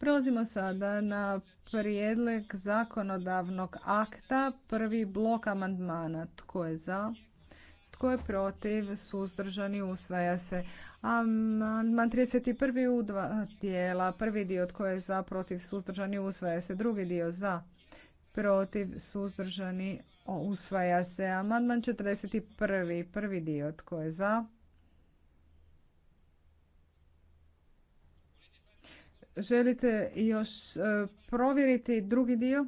Prelazimo sada na prijedlog zakonodavnog akta, prvi blok amandmana. Tko je za? Tko je protiv? Suzdržani usvaja se. Amandman 31. u dva dijela. Prvi dio tko je za, protiv, suzdržani usvaja se. Drugi dio za, protiv, suzdržani usvaja se. Amandman 41. Prvi dio tko je za, Želite još e, provjeriti drugi dio?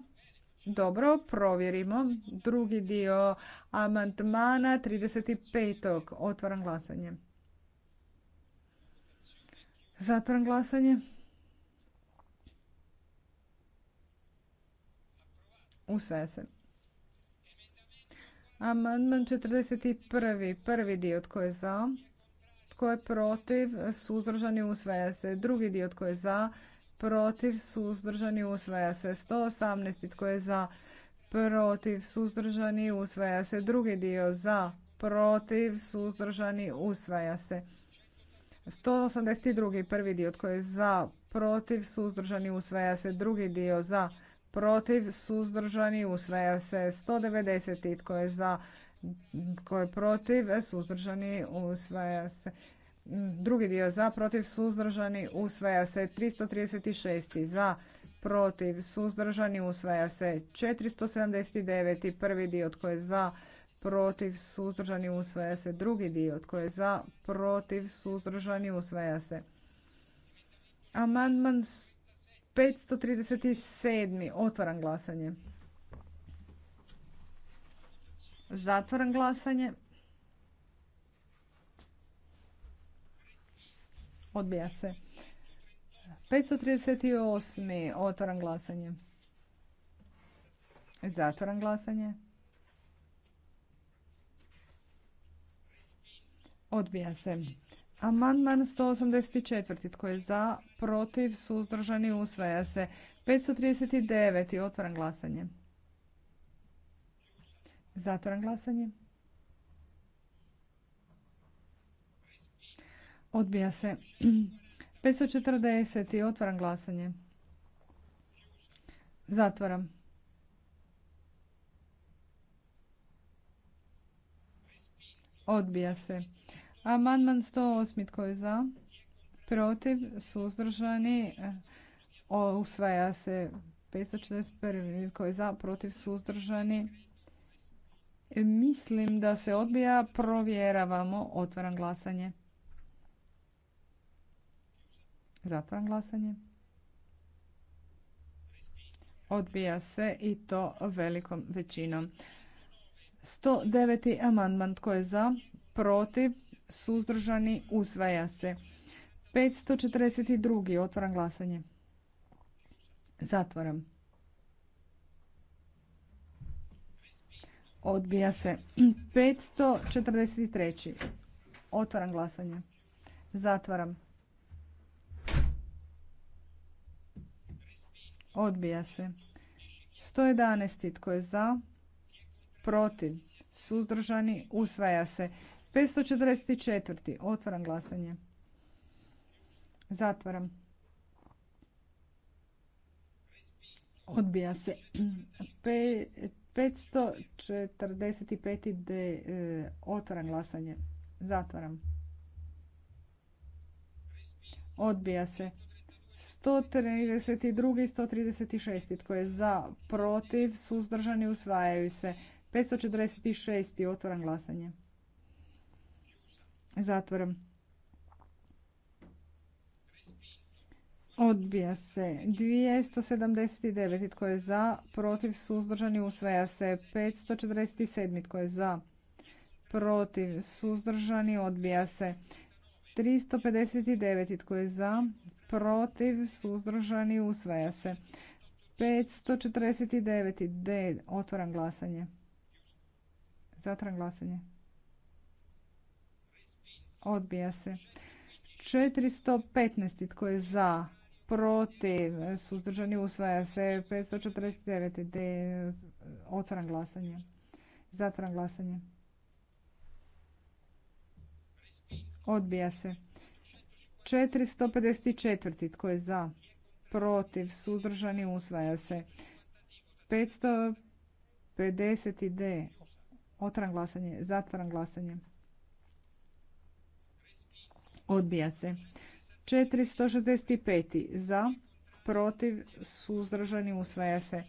Dobro, provjerimo. Drugi dio amandmana 35. Otvaram glasanje. Zatvaram glasanje. Usvaja se. Amandman 41. Prvi dio tko je za? Tko je protiv? Suzdržani usvaja se. Drugi dio tko je za? Protiv? Suzdržani usvaja se. 118. Tko je za? Protiv? Suzdržani usvaja se. Drugi dio za? Protiv? Suzdržani usvaja se. 182. prvi dio tko je za? Protiv? Suzdržani usvaja se. Drugi dio za? Protiv? Suzdržani usvaja se. 190. Tko je za? Tko je protiv? Suzdržani usvaja se. Drugi dio za, protiv, suzdržani, usvaja se 336. za, protiv, suzdržani, usvaja se 479. prvi dio tko je za, protiv, suzdržani, usvaja se drugi dio tko je za, protiv, suzdržani, usvaja se. Amandman 537. Otvaram glasanje. Zatvaram glasanje. Odbija se. 538. Otvoram glasanje. Zatvoram glasanje. Odbija se. Amandman 184. Tko je za, protiv, suzdržani, usvaja se. 539. Otvoram glasanje. Zatvoram glasanje. Odbija se. 540. Otvaram glasanje. Zatvaram. Odbija se. Amandman 108. Tko je za? Protiv? Suzdržani? Usvaja se. 541. Tko je za? Protiv? Suzdržani? Mislim da se odbija. Provjeravamo. Otvaram glasanje. Zatvaram glasanje. Odbija se i to velikom većinom. 109. amandman tko je za, protiv, suzdržani, usvaja se. 542. otvaram glasanje. Zatvaram. Odbija se. 543. Otvaram glasanje. Zatvaram. Odbija se. 111. Tko je za? Protiv. Suzdržani. Usvaja se. 544. Otvaram glasanje. Zatvaram. Odbija se. 545. D. E, otvaram glasanje. Zatvaram. Odbija se. 132. i 136. Tko je za, protiv, suzdržani, usvajaju se. 546. Otvoram glasanje. Zatvoram. Odbija se. 279. Tko je za? Protiv suzdržani usvaja se. 547. Tko je za? Protiv suzdržani odbija se. 359. Tko je za? protiv, suzdržani, usvaja se. 549. D. Otvaram glasanje. Zatvoram glasanje. Odbija se. 415. Tko je za? Protiv. Suzdržani usvaja se. 549. D. Otvaram glasanje. Zatvaram glasanje. Odbija se. 454. Tko je za? Protiv. Suzdržani. Usvaja se. 550D. Otran glasanje. Zatvaram glasanje. Odbija se. 465. Za. Protiv. Suzdržani. Usvaja se.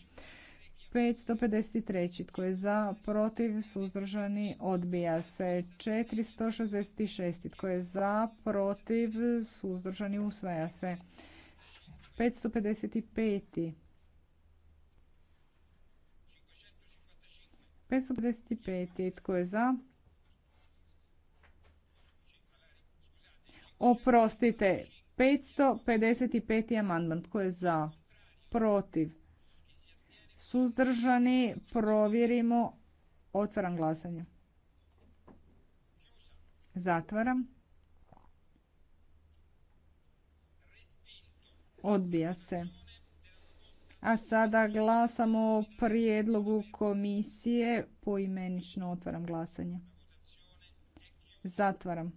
553. Tko je za, protiv, suzdržani, odbija se. 466. Tko je za, protiv, suzdržani, usvaja se. 555. 555. Tko je za? Oprostite. 555. amandman. Tko je za? Protiv suzdržani, provjerimo, otvaram glasanje. Zatvaram. Odbija se. A sada glasamo o prijedlogu komisije. Poimenično otvaram glasanje. Zatvaram.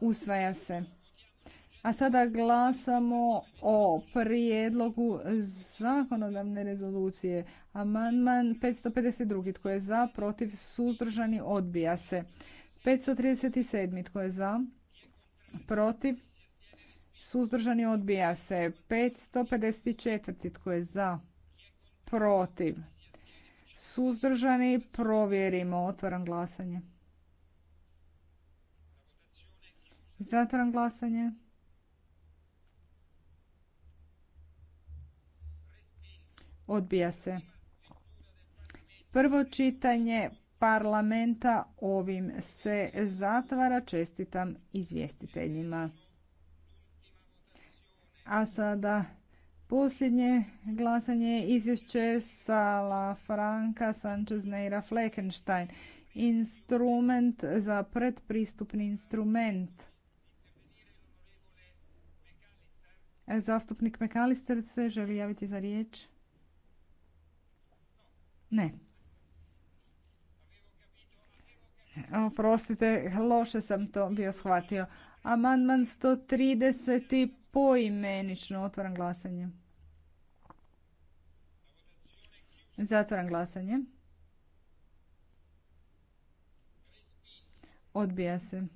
Usvaja se. A sada glasamo o prijedlogu zakonodavne rezolucije. Amandman 552. Tko je za? Protiv? Suzdržani? Odbija se. 537. Tko je za? Protiv? Suzdržani? Odbija se. 554. Tko je za? Protiv? Suzdržani? Provjerimo. Otvaram glasanje. Zatvaram glasanje. Odbija se. Prvo čitanje parlamenta ovim se zatvara. Čestitam izvjestiteljima. A sada posljednje glasanje izvješće Sala Franka Sanchez Neira Fleckenstein. Instrument za predpristupni instrument. Zastupnik Mekalister se želi javiti za riječ. Ne. Oprostite, loše sam to bio shvatio. Amandman 130. poimenično. Otvaram glasanje. Zatvaram glasanje. Odbija se.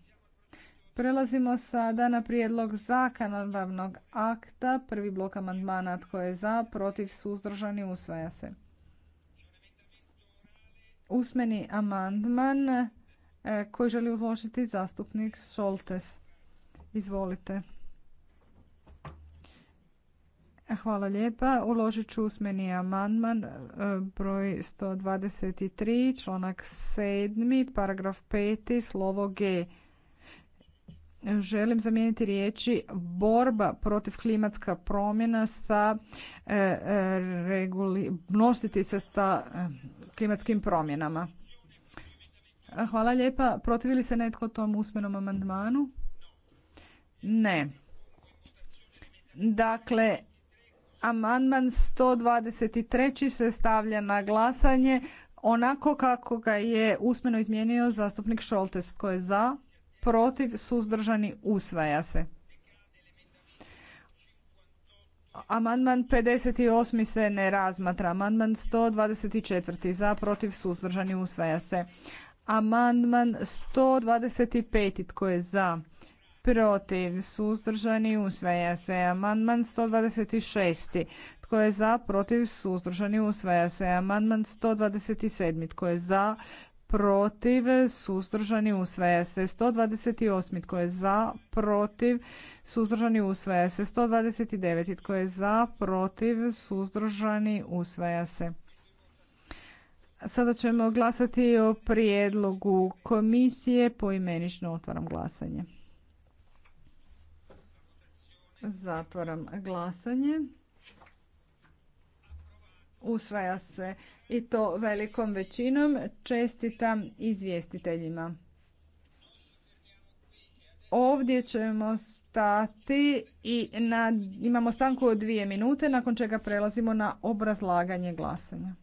Prelazimo sada na prijedlog zakonodavnog akta. Prvi blok amandmana tko je za, protiv, suzdržani, usvaja se usmeni amandman e, koji želi uložiti zastupnik Šoltes. Izvolite. Hvala lijepa. Uložit ću usmeni amandman e, broj 123, članak 7, paragraf 5, slovo G. Želim zamijeniti riječi borba protiv klimatska promjena sa e, se klimatskim promjenama. Hvala lijepa. Protivi li se netko tom usmenom amandmanu? Ne. Dakle, amandman 123. se stavlja na glasanje onako kako ga je usmeno izmijenio zastupnik Šoltes. Tko je za? Protiv? Suzdržani? Usvaja se. Amandman 58. se ne razmatra. Amandman 124. za protiv suzdržani usvaja se. Amandman 125. tko je za protiv suzdržani usvaja se. Amandman 126. tko je za protiv suzdržani usvaja se. Amandman 127. tko je za protiv, suzdržani usvaja se 128. Tko je za, protiv, suzdržani usvaja se 129. Tko je za, protiv, suzdržani usvaja se. Sada ćemo glasati o prijedlogu komisije. Poimenično otvaram glasanje. Zatvaram glasanje. Usvaja se i to velikom većinom. Čestitam izvjestiteljima. Ovdje ćemo stati i imamo stanku od dvije minute, nakon čega prelazimo na obrazlaganje glasanja.